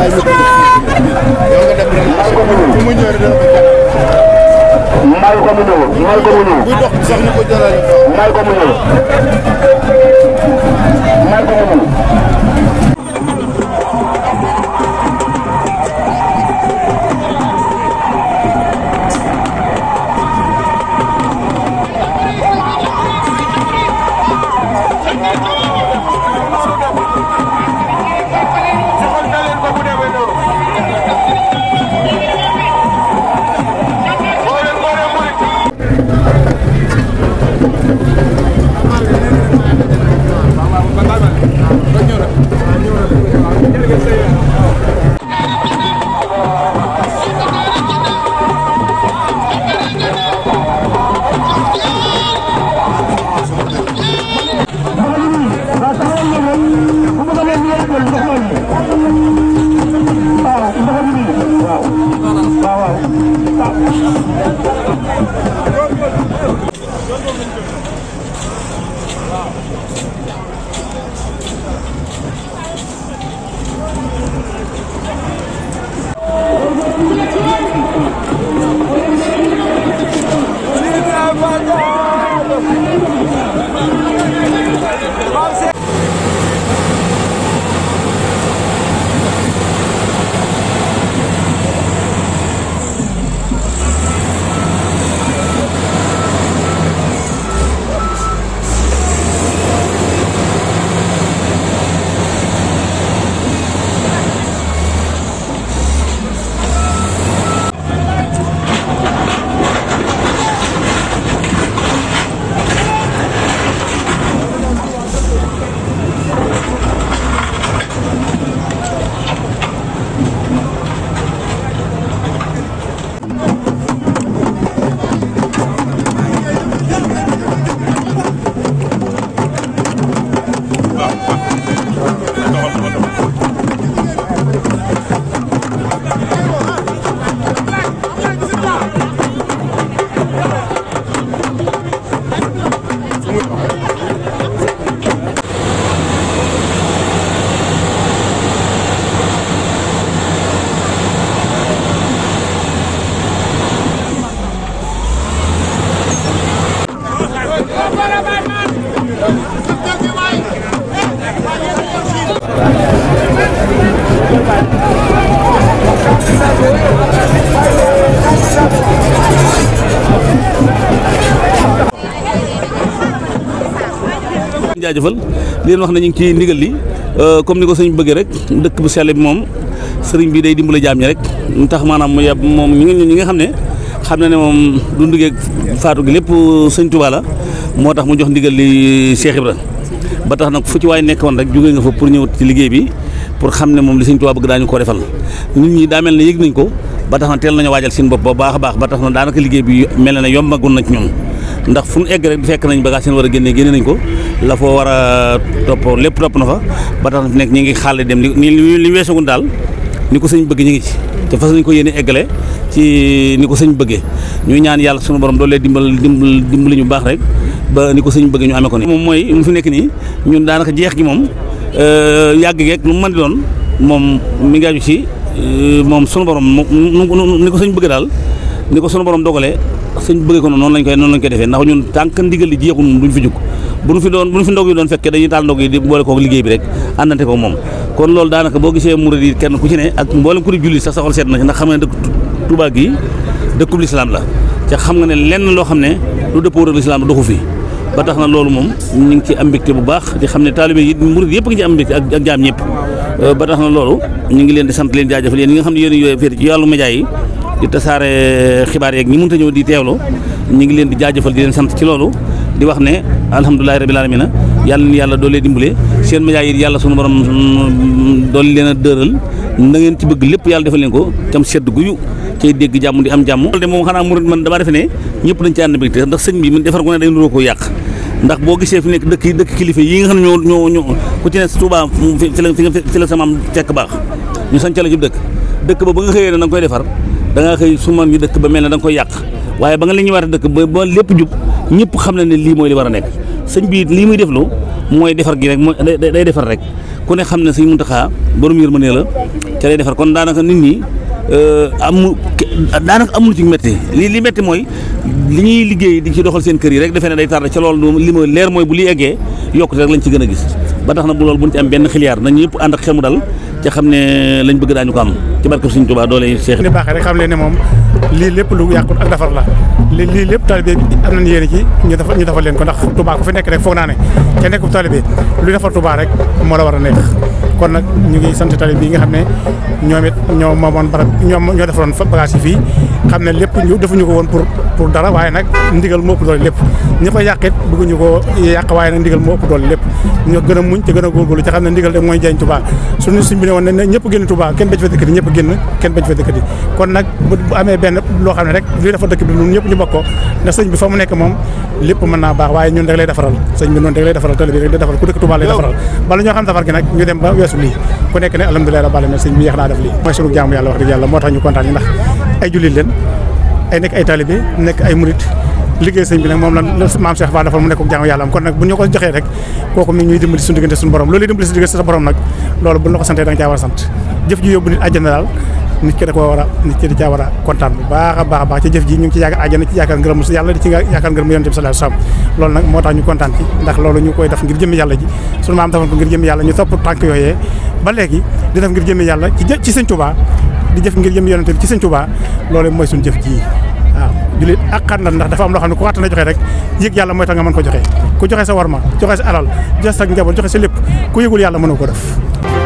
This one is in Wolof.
bàyyi ñëpp yow nga dem rek fu mu ñëwee dina ko jàpp. may ko mu ñëw may ko mu ñëw. buy dox sax ñu ko jëlaat. may ko mu ñëw. may ko mu ñëw. Thank you. jaajëfal di leen wax ne ñu ngi ci ndigal li euh, comme ni ko sëñ bëggee rek dëkk bu sell bi moom sëriñ bi day dimbale jaam ñi rek tax maanaam mu yab moom ñi nga xam ne xam na ne moom du ndigee faatu gi lépp sëñ Tuubaa moo tax mu jox ndigal li Cheikh ba tax nag fu ci waay nekkoon rek jógee nga xam ne moom li sëñ Tuubaa bëgg daañu ko defal nit ñi daa mel ne yëg nañ ko ba tax na teel nañu waajal seen bopp ba baax baax ba tax na daanaka liggéey bi mel na ne yombagul na nañ ñoom ndax fu ñu egg rek fekk nañ bagage seen war a génne génne nañ ko la foo war a topp lépp topp na fa ba tax na fi nekk ñi ngi xaal dem li li weesagun daal ni ko sëñ bëgg ñu ngi ci te fas nañ ko yéene eggale ci ni ko sëñ bëggee ñu ñaan yàlla suñu borom doole dimbal dimbal dimbali ñu baax rek ba ni ko sëñ bëggee ñu amee ko ni moom mooy mu fi nekk nii ñun daanaka jeex gi moom euh, yàgg geeg lu mu man di doon moom mi ngi aju ci euh, moom sunu borom mu ni ko sëñ bëgg daal ni ko sunu borom dogalee suñ bëggee ko noonu lañ koy noonu lañ koy defee ndax ñun tànk ndigal li jeexul moom duñ fi jóg bu ñu fi ndog yi doon fekkee dañuy taal di boole boo gisee murid yi ku ci ne ak mboolem ku di te xam nga ne lenn loo xam ne lu dëppoo ak lislaam doxu fi ba na loolu moom ñu ngi ci am mbégte bu baax di xam ne taalibe yi murid yëpp ngi ci ak jaam ñëpp ba tax na loolu ñu ngi leen di sant leen jaajëfal yéen ñi nga xam ne yéen yooyu féete ci yàllu média yi di tasaare xibaar yeeg ñi mënta ñëw di teewlu ñu ngi leen di jaajëfal di leen sant ci loolu di wax ne alhamdulilahi rabil alamina yàlla na yàlla doole dimbale seen médias yi yàlla sunu borom mm, doole leen a dëral na ngeen ci bëgg lépp yàlla defal leen ko tam sedd guyu cay dégg jàmm di am jàmm. loolu de moom xanaa murit man damaa defe ne ñëpp dañ ci ànd mbégte ndax sëñ bi man defar ko ne day nuroo ko yàq ndax boo gisee fu nekk dëkk dëkk kilifa yi nga xam ne ñoo ñoo ñoo ku ci ne Tuubaa fi la fi la sama am tekk baax ñu dëkk dëkk ba ba nga na nga koy defar da nga xëy su man ñu dëkk ba mel ne danga koy yàq waaye ba nga la ñuy war a dëkk ba ba lépp jub ñëpp xam na ne lii mooy li war a nekk sëñ bii lii muy deflu mooy defar gi rek mooy day defar rek ku ne xam ne sëñ Muntaxa borom yërmande la ca defar kon daanaka nit ñi euh, amu daanaka amul ci métti lii li métti mooy li ñuy liggéey di ci doxal seen kër yi rek defe ne day tardé ca loolu li ma leer mooy bu li eggee yokkute rek lañ ci gën a gis ba tax na bu loolu buñ ci am benn xiliyaar nañ ñëpp ànd ak xel mu dal te xam ne lañ bëgg daañu ko am ci barke Sëriñ Tuubaa doole seex ni baaxee rek xam leen moom lii lépp lu yàqut ak defar la lii lépp talibé bi am nañ yéene ci ñu defal ñu defal leen ko ndax Touba ku fi nekk rek foog naa ne te nekk talibé lu defar Touba rek moo la war a neex kon nag ñu ngi sant talibé yi nga xam ne ñoom it ñoo moomoon barab ñoom ñoo defaroon bagage yi fii xam ne lépp ñu ko woon pour pour dara waaye nag ndigal moo ëpp lépp ñi ko yàq it bëgguñu ko yàq waaye nag ndigal moo ëpp lépp ñoo gën a muñ te gën a góorgóorlu ci kenn bañ fa kon nag amee benn loo xam ne rek lii dafa dëkk noonu rek lay defaral bi rek ku dëkk Touba lay defaral ñoo xam safar nag ñu dem ba weesu lii ku nekk ne alhamdulilah rabbil alamin sëñ bi yeex naa def lii mooy sunu jaamu yàlla wax dëgg yàlla moo tax ñu kontaan yi ndax ay jullit ay nekk ay taalibe nekk ay murit liggéey sëñ bi nag moom la maam Cheikh Fall dafa mu nekk jaamu yàlla am kon nag bu ñu a a a a a baax ci jëf ji ñu ngi koy def ngir jëmmi yàlla ji suñu maam defoon ko ngir jëmmi yàlla ñu topp tànk yooyee ba léegi di def ngir jëmmi yàlla ci ci sëñ Touba di jëf ngir jëmmi yonent bi ci sëñ Touba loolu mooy suñu jëf ji julit ak xàndal ndax dafa am loo xam ne ku xàttana joxe rek yëg yàlla mooy tax nga ko joxe ku joxe sa warma joxe sa alal joxe sa njaboot joxe sa lépp ku yëgul yàlla mënoo ko def